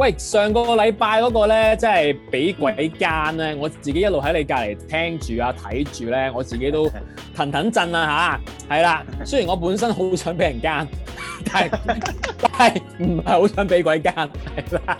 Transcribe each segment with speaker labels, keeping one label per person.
Speaker 1: 喂，上個禮拜嗰個咧，即係俾鬼奸咧，我自己一路喺你隔離聽住啊睇住咧，我自己都騰騰震啊吓，係啦。雖然我本身好想俾人奸，但係但係唔係好想俾鬼奸，係啦。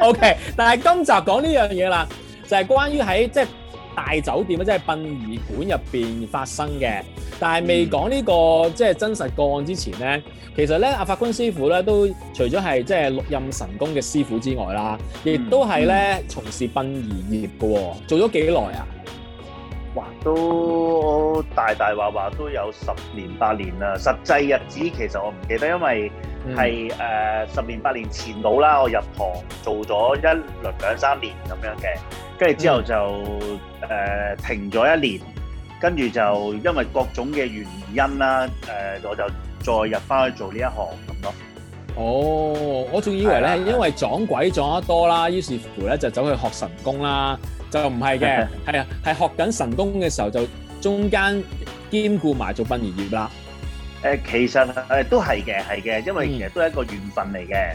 Speaker 1: OK，Okay，但係今集講呢樣嘢啦，就係關於喺即係。就係大酒店即係殯儀館入邊發生嘅，但係未講呢個即係真實個案之前咧，嗯、其實咧阿法官師傅咧都除咗係即係錄音神功嘅師傅之外啦，亦都係咧從事殯儀業嘅，做咗幾耐啊？
Speaker 2: 哇，都大大話話都有十年八年啦，實際日子其實我唔記得，因為係、嗯呃、十年八年前到啦，我入行做咗一兩三年咁樣嘅，跟住之後就、呃、停咗一年，跟住就因為各種嘅原因啦、呃，我就再入翻去做呢一行咁咯。
Speaker 1: 哦，我仲以為咧，因為撞鬼撞得多啦，於是乎咧就走去學神功啦。就唔係嘅，係啊，係學緊神功嘅時候，就中間兼顧埋做殯儀業啦。誒，其實誒都係嘅，係嘅，嗯、因為其實都係一個緣分
Speaker 2: 嚟嘅，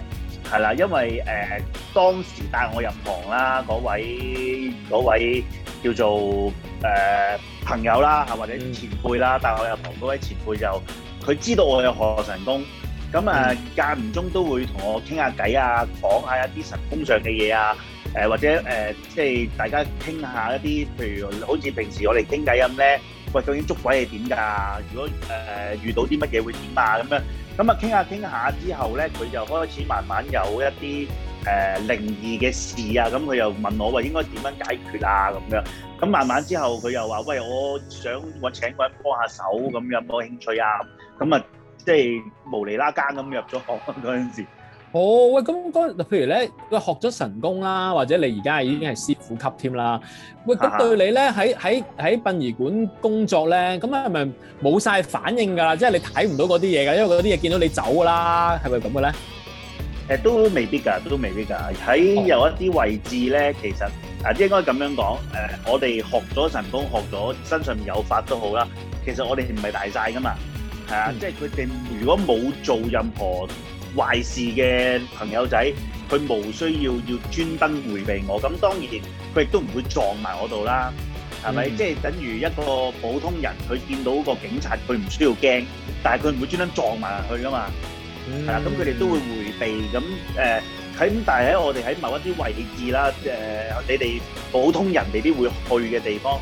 Speaker 2: 係啦，因為誒、呃、當時帶我入行啦嗰位嗰位叫做誒、呃、朋友啦，或者前輩啦，嗯、帶我入行嗰位前輩就佢知道我有學神功，咁誒、呃嗯、間唔中都會同我傾下偈啊，講下一啲神功上嘅嘢啊。誒、呃、或者誒、呃，即係大家傾下一啲，譬如好似平時我哋傾偈咁咧，喂，究竟捉鬼係點㗎？如果誒、呃、遇到啲乜嘢會點啊？咁樣咁啊，傾下傾下之後咧，佢就開始慢慢有一啲誒、呃、靈異嘅事啊。咁佢又問我話應該點樣解決啊？咁樣咁慢慢之後，佢又話：喂，我想我請個人幫下手咁，樣有冇興趣啊？咁啊，即係無釐啦間咁入咗行嗰陣時。
Speaker 1: 哦喂，咁嗰譬如咧，佢學咗神功啦，或者你而家已經係師傅級添啦。喂，咁對你咧喺喺喺殯儀館工作咧，咁係咪冇晒反應㗎啦？即係你睇唔到嗰啲嘢㗎，因為嗰啲嘢見到你走㗎啦，係咪咁嘅咧？
Speaker 2: 誒，都未必㗎，都未必㗎。喺有一啲位置咧，其實啊，應該咁樣講誒，我哋學咗神功，學咗身上面有法都好啦。其實我哋唔係大晒㗎嘛，係啊，即係佢哋如果冇做任何壞事嘅朋友仔，佢無需要要專登回避我，咁當然佢亦都唔會撞埋我度啦，係咪、嗯？即係等於一個普通人，佢見到個警察，佢唔需要驚，但係佢唔會專登撞埋佢噶嘛，係、嗯、啦。咁佢哋都會回避，咁誒喺，但係喺我哋喺某一啲位置啦，誒、呃、你哋普通人未必會去嘅地方，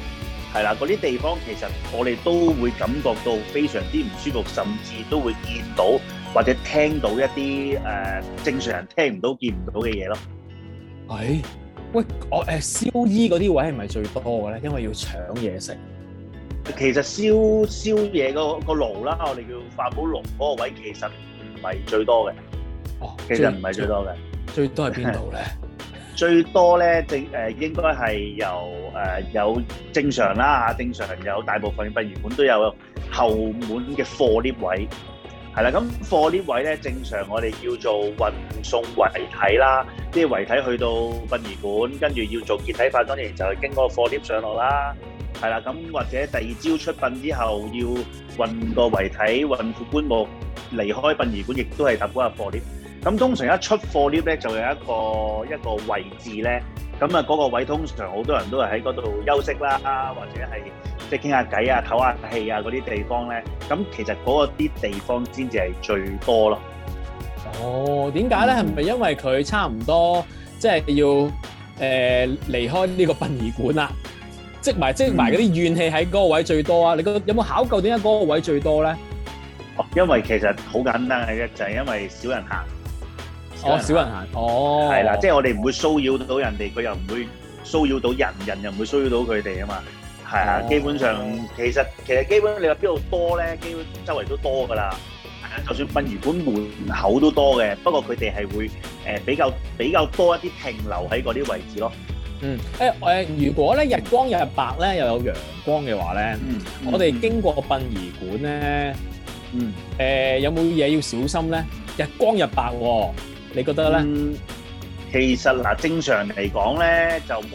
Speaker 2: 係啦，嗰啲地方其實我哋都會感覺到非常之唔舒服，甚至都會見到。或者聽到一啲誒、呃、正常人聽唔到，見不到、見唔
Speaker 1: 到嘅嘢咯。係喂，我誒燒衣嗰啲位係咪最多嘅咧？因為要搶嘢食。其實燒燒
Speaker 2: 嘢個、那個爐啦，我哋叫化寶爐嗰個位，其實唔係最多嘅。
Speaker 1: 哦，其實唔係最多嘅。最多係邊度咧？
Speaker 2: 最多咧？正誒、呃、應該係由誒、呃、有正常啦，正常有大部分殯儀館都有後門嘅貨 lift 位。係啦，咁貨 𨋢 位咧，正常我哋叫做運送遺體啦，啲遺體去到殯儀館，跟住要做結體化，當然就係經過個貨 𨋢 上落啦。係啦，咁或者第二朝出殯之後，要運個遺體運副棺木離開殯儀館，亦都係搭過嗰個貨 𨋢。咁通常一出貨 𨋢 咧，就有一個一個位置咧。咁啊，嗰個位通常好多人都係喺嗰度休息啦，或者係即係傾下偈啊、唞下氣啊嗰啲地方咧。咁其實嗰啲地方先至係最多咯。
Speaker 1: 哦，點解咧？係咪因為佢差唔多即係、就是、要誒、呃、離開呢個殯儀館啊？積埋積埋嗰啲怨氣喺嗰個位最多啊？你覺得有冇考究點解嗰個位最多咧？哦，因為其實好簡單嘅就係、是、因為少人行。少、哦、人行，係、哦、啦，即係、就是、
Speaker 2: 我哋唔會騷擾到人哋，佢又唔會騷擾到人，人又唔會騷擾到佢哋啊嘛。啊、哦，基本上其實其實基本你話邊度多咧，基本周圍都多㗎啦。係啊，就算殯儀館門口都多嘅，不過佢哋係會、呃、比較比較多一啲停留喺嗰啲位置咯。
Speaker 1: 嗯、欸呃、如果咧日光日白咧又有陽光嘅話咧，我哋經過殯儀館咧，有冇嘢要小心咧？日光日白喎。你覺得咧？嗯，
Speaker 2: 其實嗱，正常嚟講咧，就冇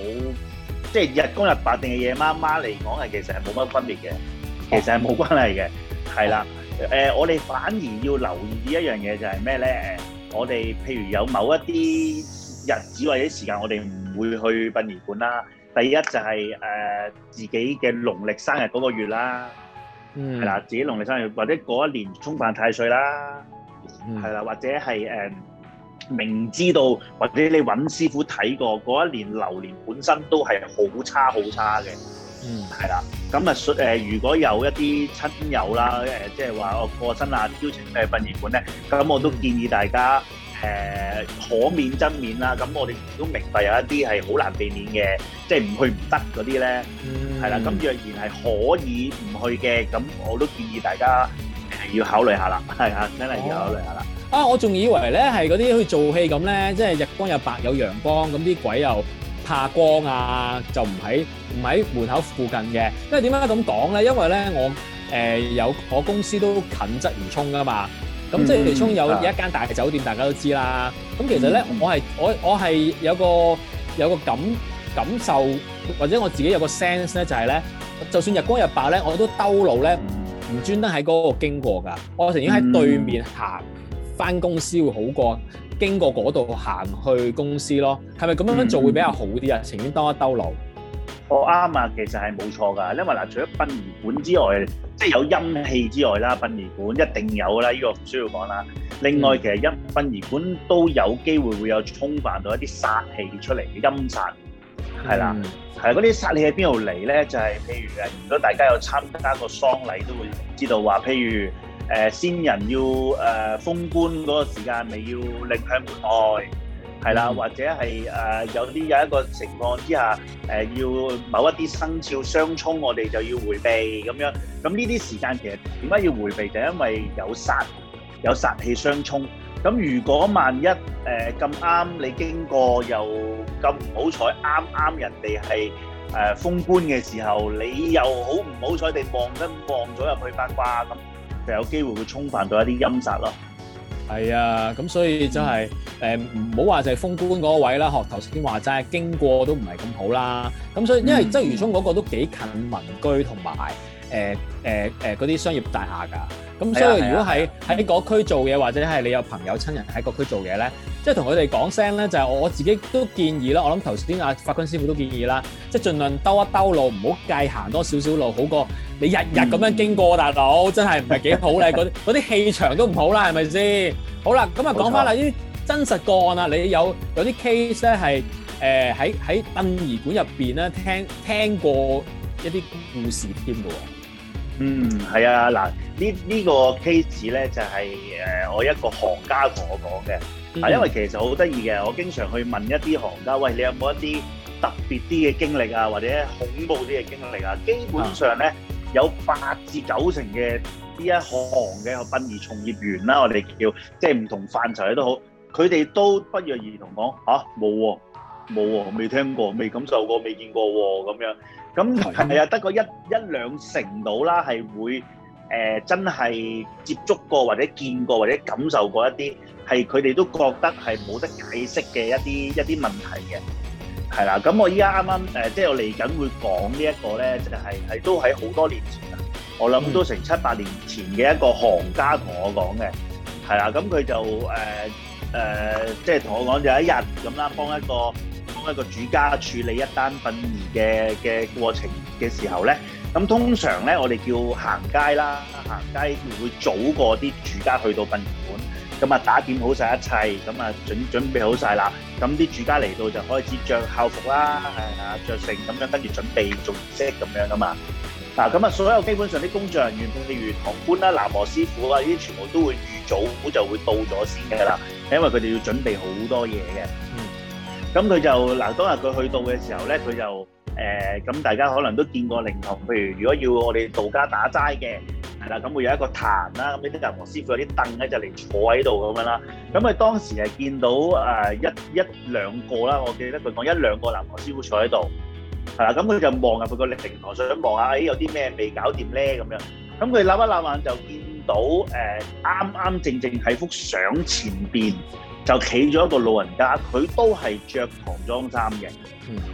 Speaker 2: 即係日光日白定係夜媽媽嚟講，係其實係冇乜分別嘅，其實係冇關係嘅，係啦。誒，我哋反而要留意一樣嘢，就係咩咧？誒，我哋譬如有某一啲日子或者時間，我哋唔會去殯儀館啦。第一就係誒自己嘅農曆生日嗰個月啦，係啦，自己農曆生日或者嗰一年衝犯太歲啦，係啦，或者係誒。明知道或者你揾師傅睇過，嗰一年流年本身都係好差好差嘅。嗯，係啦。咁啊誒，如果有一啲親友啦誒，即係話我過身啊，邀請去殯儀館咧，咁我都建議大家誒、呃、可免則免啦。咁我哋都明白有一啲係好難避免嘅，即係唔去唔得嗰啲咧。
Speaker 1: 嗯。係啦，咁
Speaker 2: 若然係可以唔去嘅，咁我都建議大家要考慮下啦。係啊，真係要考慮下啦。哦。
Speaker 1: 啊！我仲以為咧係嗰啲去做戲咁咧，即係日光日白有陽光，咁啲鬼又怕光啊，就唔喺唔喺門口附近嘅。因為點解咁講咧？因為咧我誒、呃、有我公司都近鰂魚涌㗎嘛。咁即係魚涌有一間大嘅酒店、嗯，大家都知啦。咁其實咧、嗯，我係我我係有個有個感感受，或者我自己有個 sense 咧，就係、是、咧，就算日光日白咧，我都兜路咧唔唔專登喺嗰個經過㗎。我曾經喺對面行。嗯翻公司會好過經過嗰度行去公司咯，係咪咁樣做會比較好啲啊？情願多一兜路。
Speaker 2: 我啱啊，其實係冇錯噶，因為嗱，除咗殯儀館之外，即係有陰氣之外啦，殯儀館一定有啦，呢、呢個唔需要講啦。另外，嗯、其實一殯儀館都有機會會有沖犯到一啲煞氣出嚟嘅陰煞，係啦。係嗰啲煞氣喺邊度嚟咧？就係、係、譬如誒，如果大家有參加過喪禮，都會知道話，譬如。誒先人要誒封棺嗰個時間咪要擰向門外，係啦，或者係誒有啲有一個情況之下，誒要某一啲生肖相沖，我哋就要迴避咁樣。咁呢啲時間其實點解要迴避？就因為有煞，有煞氣相沖。咁如果萬一誒咁啱你經過又咁唔好彩，啱啱人哋係誒封棺嘅時候，你又好唔好彩地望緊望咗入去八卦咁。就有機會會沖犯到一啲陰煞咯，
Speaker 1: 係啊，咁所以真係誒唔好話就係封官嗰位啦。學頭先話齋，經過都唔係咁好啦。咁所以因為鰂魚涌嗰個都幾近民居同埋，還有誒誒誒嗰啲商業大廈㗎，咁所以如果喺喺嗰區做嘢，或者係你有朋友親人喺嗰區做嘢咧，即係同佢哋講聲咧，就係、是就是、我，我自己都建議啦。我諗頭先阿法君師傅都建議啦，即係儘量兜一兜路，唔好計行多少少路，好過你日日咁樣經過、嗯、大佬真係唔係幾好咧。嗰 啲氣場都唔好啦，係咪先？好啦，咁啊講翻啦，啲真實個案啊，你有有啲 case 咧係誒喺喺殯儀館入邊咧聽聽過一啲故事添㗎喎。嗯，係啊，
Speaker 2: 嗱，這個、呢呢個 case 咧就係、是、誒、呃、我一個行家同我講嘅，啊、嗯，因為其實好得意嘅，我經常去問一啲行家，喂，你有冇一啲特別啲嘅經歷啊，或者恐怖啲嘅經歷啊，基本上咧、啊、有八至九成嘅呢一行嘅殯儀從業員啦，我哋叫即係唔同範疇都好，佢哋都不約而同講啊，冇喎、啊，冇喎、啊，未聽過，未感受過，未見過喎、啊，咁樣。咁係係啊，得個一一兩成度啦，係會誒真係接觸過或者見過或者感受過一啲係佢哋都覺得係冇得解釋嘅一啲一啲問題嘅，係啦。咁我依家啱啱誒，即係我嚟緊會講呢一個咧，即係係都喺好多年前啦。我諗都成七八年前嘅一個行家同我講嘅，係啦。咁佢就誒誒，即係同我講就係一日咁啦，幫一個一個主家處理一單殯儀嘅嘅過程嘅時候咧，咁通常咧，我哋叫行街啦，行街會早過啲主家去到殯儀館，咁啊打點好晒一切，咁啊準準備好晒啦，咁啲主家嚟到就可以先著校服啦，係啊，著成咁樣跟住準備做儀式咁樣噶嘛。嗱，咁啊所有基本上啲工作人員，譬如堂倌啦、喃嘸師傅啊，呢啲全部都會預早就會到咗先噶啦，因為佢哋要準備好多嘢嘅。嗯咁佢就嗱，當日佢去到嘅時候咧，佢就誒咁，大家可能都見過靈堂。譬如如果要我哋道家打齋嘅係啦，咁會有一個壇啦。咁呢啲喃嘸師傅有啲凳咧，就嚟坐喺度咁樣啦。咁佢當時係見到誒一一兩個啦，我記得佢講一兩個喃嘸師傅坐喺度係啦。咁佢就望入去個靈堂想望下，誒有啲咩未搞掂咧咁樣。咁佢眨一眨眼就見到誒啱啱正正喺幅相前邊，就企咗一個老人家，佢都係着唐裝衫嘅，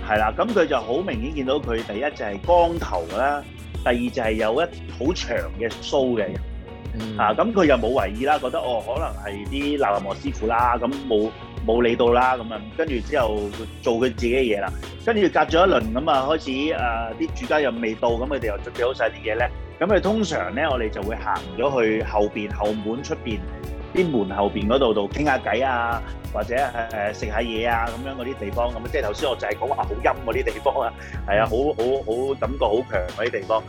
Speaker 2: 係、嗯、啦，咁佢就好明顯見到佢第一就係光頭啦，第二就係有一好長嘅須嘅人、嗯，啊，咁佢又冇懷疑啦，覺得哦可能係啲喃嘸師傅啦，咁冇冇理到啦，咁啊，跟住之後做佢自己嘅嘢啦，跟住隔咗一輪咁啊，開始誒啲、呃、住家又未到，咁佢哋又準備好晒啲嘢咧，咁佢通常咧我哋就會行咗去後邊後門出邊。啲門後邊嗰度度傾下偈啊，或者誒食下嘢啊，咁樣嗰啲地方咁啊，即係頭先我就係講話好陰嗰啲地方啊，係啊，好好好感覺好強嗰啲地方。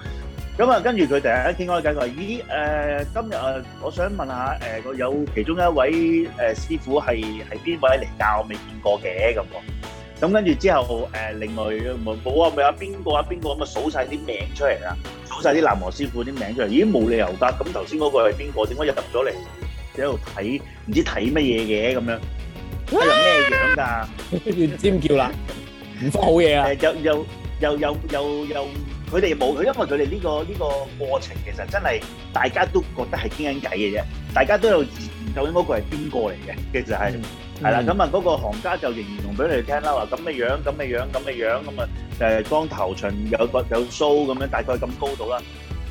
Speaker 2: 咁啊，跟住佢成日喺傾開偈，佢話：咦誒，今日啊，我想問下誒，有其中一位誒師傅係係邊位嚟教？我未見過嘅咁喎。咁跟住之後誒，另外冇啊，咪有邊個啊邊個咁啊，數晒啲名出嚟啊，數晒啲南和師傅啲名出嚟。咦，冇理由得，咁頭先嗰個係邊個？點解入咗嚟？喺度睇唔知睇乜嘢嘅咁樣，喺度咩樣㗎？開
Speaker 1: 始尖叫啦！唔復好嘢啊！誒，
Speaker 2: 又又又又又又，佢哋冇，因為佢哋呢個呢個過程其實真係大家都覺得係傾緊偈嘅啫，大家都有研究緊嗰個係邊個嚟嘅，其實係係啦。咁啊，嗰個行家就形容俾你聽啦，話咁嘅樣，咁嘅樣，咁嘅樣，咁啊誒，光頭長有骨有須咁樣，大概咁高度啦。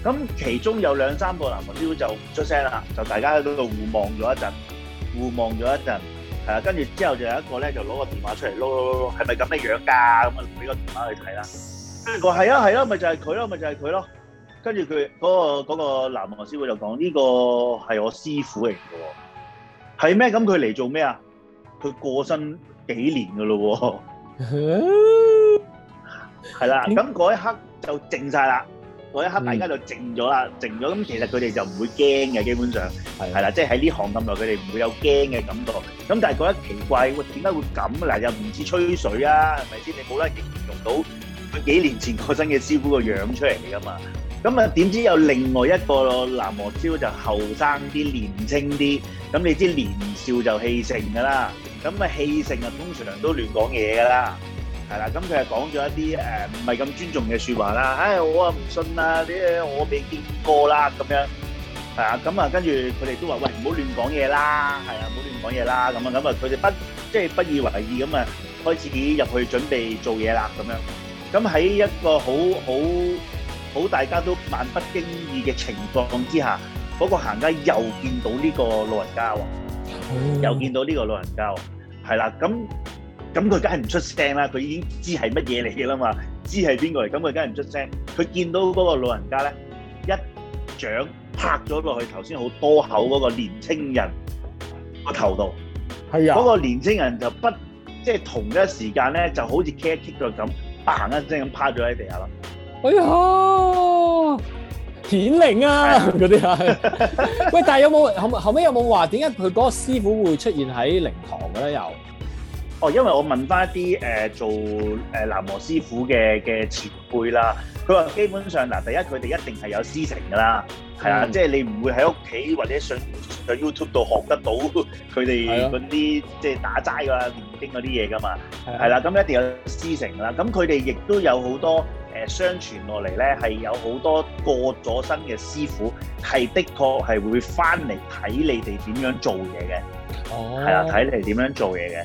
Speaker 2: 咁其中有兩三個喃嘸師傅就唔出聲啦，就大家喺嗰度互望咗一陣，互望咗一陣，係啊，跟住之後就有一個咧就攞個電話出嚟，攞攞攞，係咪咁嘅樣㗎？咁啊，俾個電話去睇啦。話係啊係啊，咪、啊啊啊、就係佢咯，咪就係佢咯。跟住佢嗰個嗰、那個喃嘸師傅就講：呢、這個係我師傅嚟㗎喎。係咩？咁佢嚟做咩啊？佢過身幾年㗎咯喎。係啦、啊，咁、那、嗰、個、一刻就靜晒啦。嗰一刻大家就靜咗啦，靜咗，咁其實佢哋就唔會驚嘅，基本上係係啦，即係喺呢行咁耐，佢哋唔會有驚嘅感覺。咁但係覺得奇怪，點解會咁嗱？又唔似吹水啊？係咪先？你冇得形容到佢幾年前過身嘅師傅個樣出嚟㗎嘛？咁啊，點知有另外一個南無招就後生啲、年青啲？咁你知年少就氣盛㗎啦，咁啊氣盛啊通常都亂講嘢㗎啦。係啦，咁佢係講咗一啲誒唔係咁尊重嘅説話啦，唉，我啊唔信啦，啲我未見過啦咁樣，係啊，咁啊跟住佢哋都話喂，唔好亂講嘢啦，係啊，唔好亂講嘢啦，咁啊咁啊，佢哋不即係不以為意咁啊，開始自己入去準備做嘢啦咁樣。咁喺一個好好好大家都漫不經意嘅情況之下，嗰個行家又見到呢個老人家喎，又見到呢個老人家喎，係啦，咁。咁佢梗係唔出聲啦，佢已經知係乜嘢嚟嘅啦嘛，知係邊個嚟，咁佢梗係唔出聲。佢見到嗰個老人家咧，一掌拍咗落去頭先好多口嗰個年青人個頭度，係啊，嗰個年青人就不即係同一時間咧，就好似 cat kick 咗咁嘭一聲咁趴咗喺地下啦。
Speaker 1: 哎呀，顯靈啊嗰啲啊！喂， 但係有冇後後尾有冇話點解佢嗰個師傅會出現喺靈堂嘅咧？又？哦、因為我問翻一啲誒、呃、做誒南無師傅嘅
Speaker 2: 嘅前輩啦，佢話基本上嗱，第一佢哋一定係有師承噶啦，係、嗯啊，就是、啊，即係你唔會喺屋企或者上 YouTube 度學得到佢哋嗰啲即係打齋的那些東西的啊、念經嗰啲嘢噶嘛，係、嗯、啦，咁一定有師承啦。咁佢哋亦都有好多誒、呃、相傳落嚟咧，係有好多過咗身嘅師傅，係的確係會翻嚟睇你哋點樣做嘢嘅，係、啊、啦，睇、啊、你哋點樣做嘢嘅。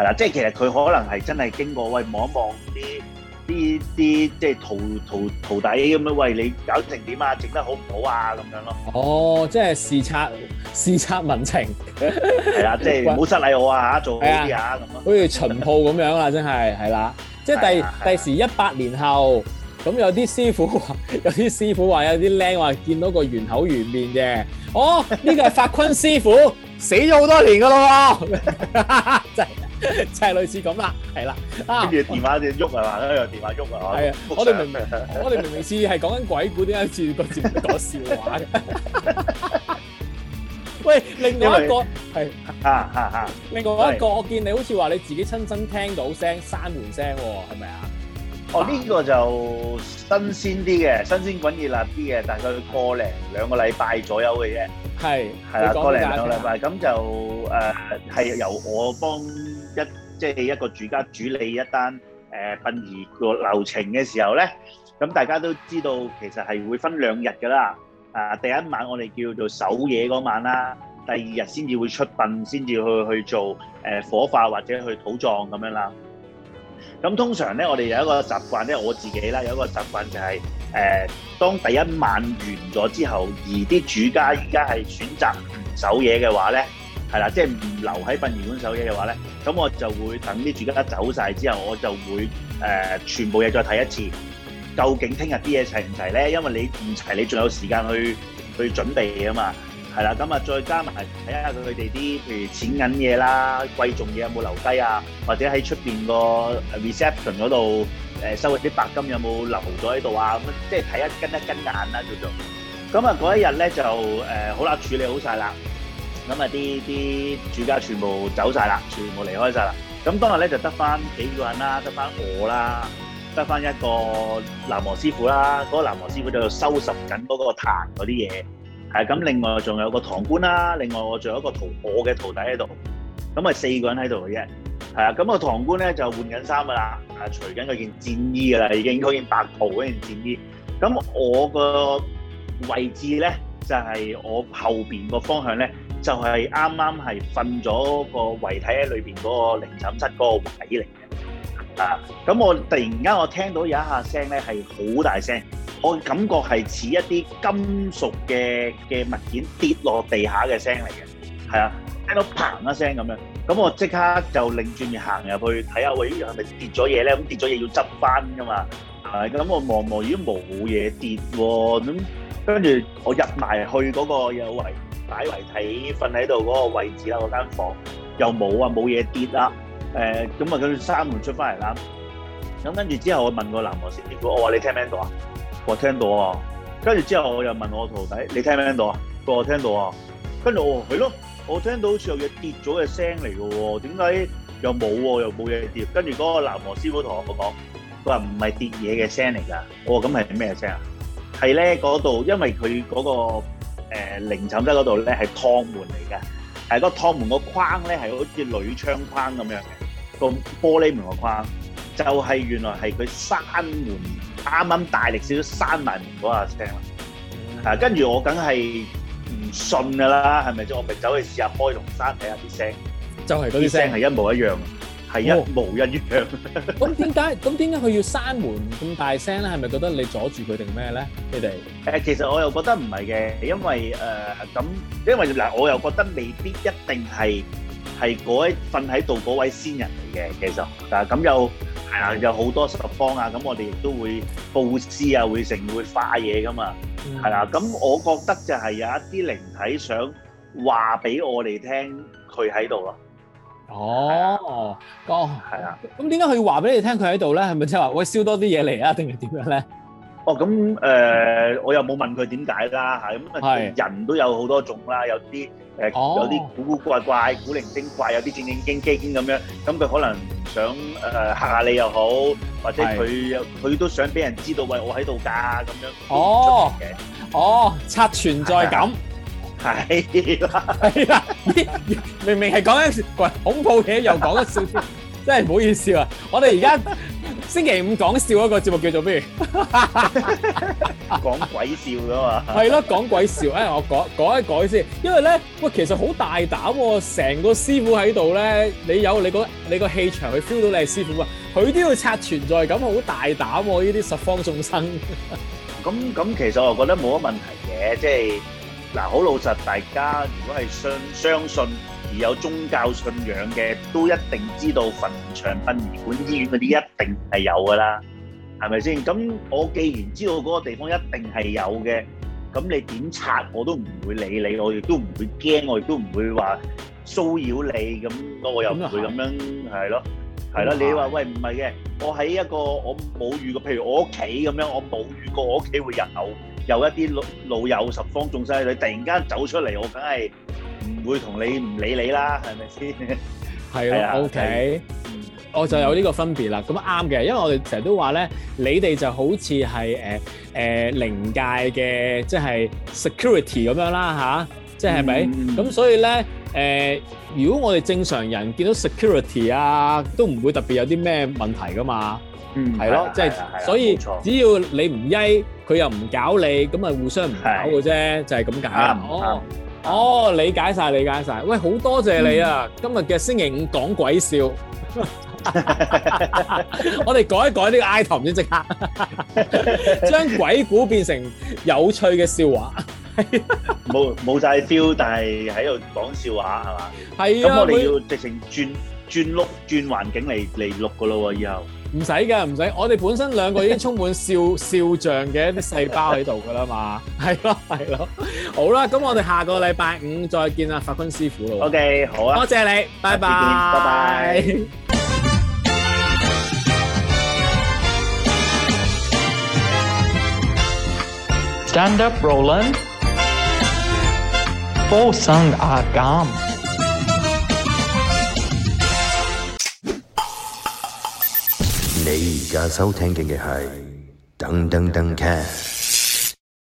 Speaker 2: 係啦，即係其實佢可能係真係經過，喂，望一望啲啲啲，即係徒徒徒弟咁樣，喂，你搞成點啊？整得好唔好
Speaker 1: 啊？咁樣咯。哦，即係視察視察民情，
Speaker 2: 係啊，即係唔好失禮我啊吓，
Speaker 1: 做啲啊咁咯。好似巡鋪咁樣啦，真係係啦，即係第第時一百年後，咁有啲師傅有啲師傅話有啲靚話見到個圓口圓面嘅，哦，呢個係法坤師傅 死咗好多年噶咯。 就係類似咁啦，係啦，跟、啊、住電話只喐係嘛，跟住電話喐啊，係啊，我哋明，明， 我哋明明是係講緊鬼故，點解次個節目講笑話嘅？ 喂，另外一個係、啊啊啊，另外一個，我見你好似話你自己親身聽到聲，閂門聲喎，係咪啊？哦，呢、
Speaker 2: 呢個就新鮮啲嘅，新鮮滾熱辣啲嘅，大概個零兩個禮拜左右嘅啫。係，係啦、啊，個零兩個禮拜，咁就係、呃、由我幫。一即係、就是、一個主家主理一單誒殯儀個流程嘅時候呢，咁大家都知道其實係會分兩日噶啦。啊，第一晚我哋叫做守夜嗰晚啦，第二日先至會出殯，先至去去做誒火化或者去土葬咁樣啦。咁通常呢，我哋有一個習慣呢，我自己啦，有一個習慣就係、是、誒、呃，當第一晚完咗之後，而啲主家而家係選擇唔守夜嘅話呢。係啦，即係唔留喺殯儀館手嘢嘅話咧，咁我就會等啲住家走曬之後，我就會誒全部嘢再睇一次，究竟聽日啲嘢齊唔齊咧？因為你唔齊，你仲有時間去去準備啊嘛。係啦，咁啊再加埋睇下佢哋啲譬如錢銀嘢啦、貴重嘢有冇留低啊，或者喺出邊個 reception 嗰度誒收嗰啲白金有冇留咗喺度啊？咁即係睇一跟一跟眼啦叫做。咁啊嗰一日咧就誒好啦處理好曬啦。咁啊！啲啲主家全部走晒啦，全部離開晒啦。咁當日咧就得翻幾個人啦，得翻我啦，得翻一個南無師傅啦。嗰、那個南無師傅就收拾緊嗰個壇嗰啲嘢。咁，另外仲有個堂官啦，另外我仲有一個徒我嘅徒弟喺度。咁啊，四個人喺度嘅啫。係啊，咁、那個堂官咧就換緊衫噶啦，啊除緊佢件戰衣噶啦，已經嗰件白袍嗰件戰衣。咁我個位置咧就係、是、我後面個方向咧。就係啱啱係瞓咗個遺體喺裏邊嗰個靈診室嗰個位嚟嘅，啊！咁我突然間我聽到有一下聲咧係好大聲，我感覺係似一啲金屬嘅嘅物件跌落地下嘅聲嚟嘅，係啊！聽到嘭一聲咁樣，咁我即刻就擰轉面行入去睇下，喂，係咪跌咗嘢咧？咁跌咗嘢要執翻噶嘛？係咪？咁我望望，如果冇嘢跌喎，咁跟住我入埋去嗰個有位，擺遺體瞓喺度嗰個位置啦，嗰、那個、間房又冇啊，冇嘢跌啦。誒咁啊，住、呃、閂門出翻嚟啦。咁跟住之後，我問個南無師傅，我話你聽唔、啊、聽到啊？我話聽到啊。跟住之後，我又問我徒弟，你聽唔、啊、聽到啊？佢話聽到啊。跟住我話係咯，我聽到好似有嘢跌咗嘅聲嚟嘅喎，點解又冇喎、啊，又冇嘢跌？跟住嗰個南無師傅同我講，佢話唔係跌嘢嘅聲嚟㗎。我話咁係咩聲啊？係咧，嗰度因為佢嗰、那個。誒、呃，靈寢室嗰度咧係趟門嚟嘅，係、呃那個趟門個框咧係好似鋁窗框咁樣嘅，個玻璃門個框就係、是、原來係佢閂門啱啱大力少少閂埋門嗰下聲啦，啊，跟住我梗係唔信噶啦，係咪即我咪走去試下開同閂睇下啲聲，
Speaker 1: 就係啲聲係
Speaker 2: 一模一樣。係一模一樣。咁
Speaker 1: 點解？咁點解佢要閂門咁大聲咧？係咪覺得你阻住佢定咩咧？你哋誒，其實我又覺得唔係嘅，因為
Speaker 2: 誒咁，因為嗱我又覺得未必一定係係嗰位瞓喺度嗰位先人嚟嘅。其實，但係咁又係啊，有好多十方啊，咁我哋亦都會佈施啊，會成會化嘢噶嘛，係啦。咁我覺得就係有一啲靈體想話俾我哋聽，佢喺度咯。
Speaker 1: 哦，哥，係啊，咁點解佢要話俾你聽佢喺度咧？係咪即係話喂燒多啲嘢嚟啊？定係點樣咧？哦，咁誒、啊哦呃，
Speaker 2: 我又冇問佢點解㗎。嚇咁啊人都有好多種啦，有啲、哦、有啲古古怪怪、古靈精怪，有啲正正經經咁樣，咁佢可能想誒、呃、嚇下你又好，或者佢佢都想俾人知道喂我喺度㗎咁樣哦
Speaker 1: 嘅哦，刷、哦、存在感。係啦，係啦，咦？明明係講緊鬼恐怖嘢，又講得笑，真係唔好意思啊！我哋而家星期五講笑嗰個節目叫做咩？
Speaker 2: 講鬼笑噶嘛？係
Speaker 1: 咯，講鬼笑。哎，我改改一改先，因為咧，喂，其實好大膽喎，成個師傅喺度咧，你有你個你個氣場去 feel 到你係師傅嘛？佢都要拆存在感，好大膽喎！呢啲十方眾生，咁咁，其實我覺得冇乜問題嘅，即係。
Speaker 2: 嗱，好老實，大家如果係相相信而有宗教信仰嘅，都一定知道墳場、殯儀館、醫院嗰啲一定係有噶啦，係咪先？咁我既然知道嗰個地方一定係有嘅，咁你檢測我都唔會理你，我亦都唔會驚，我亦都唔會話騷擾你咁，我又唔會咁樣，係咯，係咯。你話喂，唔係嘅，我喺一個我冇遇過，譬如我屋企咁樣，我冇遇過我屋企會有。有一啲老老友十方仲犀利，你突然間走出嚟，我梗係唔會同你唔理你啦，
Speaker 1: 係咪先？係啊， 係啊，OK，係我就有呢個分別啦。咁啱嘅，因為我哋成日都話咧，你哋就好似係誒誒靈界嘅，即、就、係、係、security 咁樣啦吓？即係咪？咁、就是嗯、所以咧誒、呃，如果我哋正常人見到 security 啊，都唔會特別有啲咩問題噶嘛。嗯，係咯，即係，所以只要你唔曳，佢又唔搞你，咁咪互相唔搞嘅啫，就係咁解。哦，哦，理解曬，理解曬。喂，好多謝你啊！今日嘅星期五講鬼笑，我哋改一改呢個 item 先，即刻將鬼故變成有趣嘅笑話。
Speaker 2: 冇冇曬 feel，但係喺度講笑話係嘛？係啊，咁我哋要直情轉。轉碌轉環境嚟嚟錄噶咯喎，以後
Speaker 1: 唔使噶唔使，我哋本身兩個已經充滿笑笑像嘅一啲細胞喺度噶啦嘛。係咯係咯，好啦，咁我哋下個禮拜五再見啊，法坤師傅咯。OK，好啦，多謝你，拜拜，拜拜。Stand up, Roland. For some are gone.
Speaker 2: 你而家收聽嘅係《噔噔噔劇》。